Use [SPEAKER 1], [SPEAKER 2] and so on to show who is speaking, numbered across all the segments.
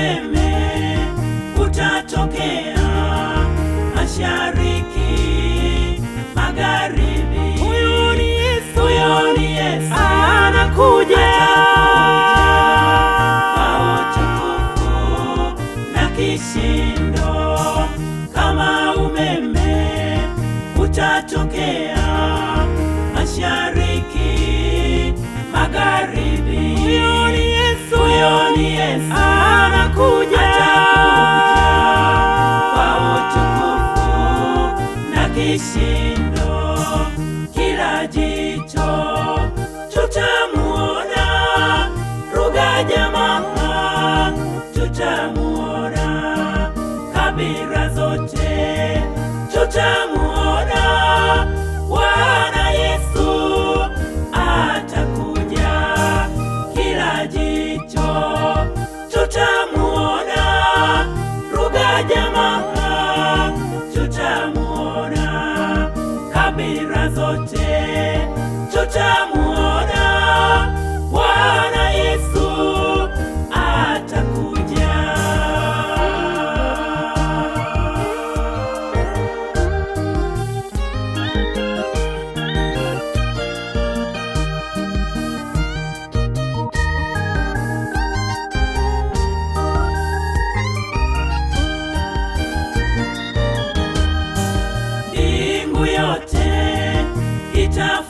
[SPEAKER 1] umeme utatokea mashariki, magharibi.
[SPEAKER 2] ni Yesu, ni Yesu anakuja,
[SPEAKER 1] kwa utukufu na kishindo, kama umeme utatokea mashariki, magharibi.
[SPEAKER 2] ni Yesu,
[SPEAKER 1] ni Yesu воскресенье.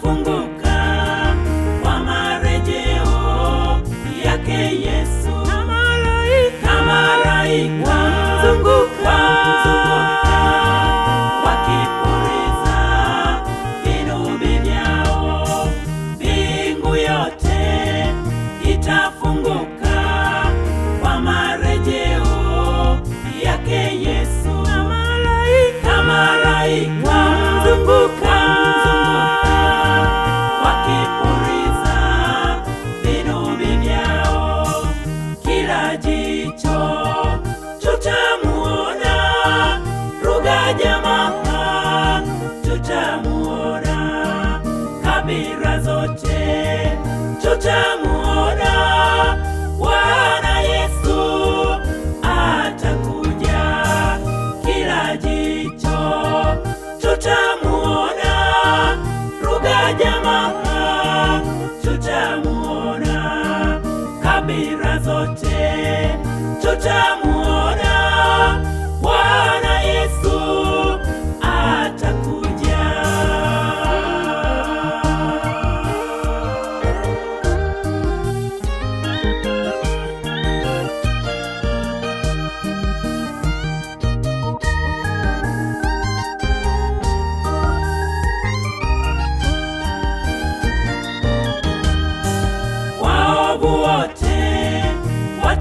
[SPEAKER 1] kufunguka kwa marejeo yake Yesu, kama malaika yote tutamu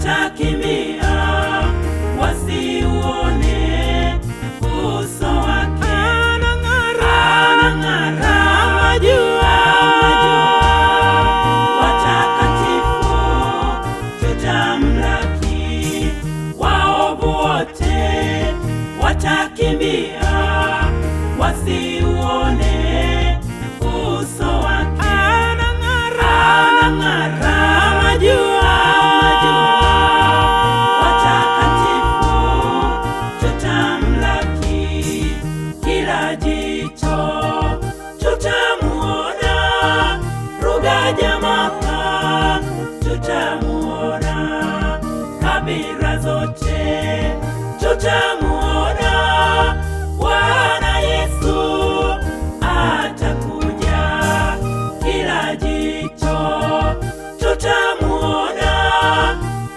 [SPEAKER 1] hawatakimbia. wote tutamuona Bwana Yesu atakuja, kila jicho tutamuona,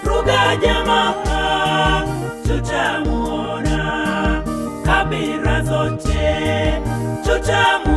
[SPEAKER 1] ruga jamaa tutamuona, kabila zote tutamuona.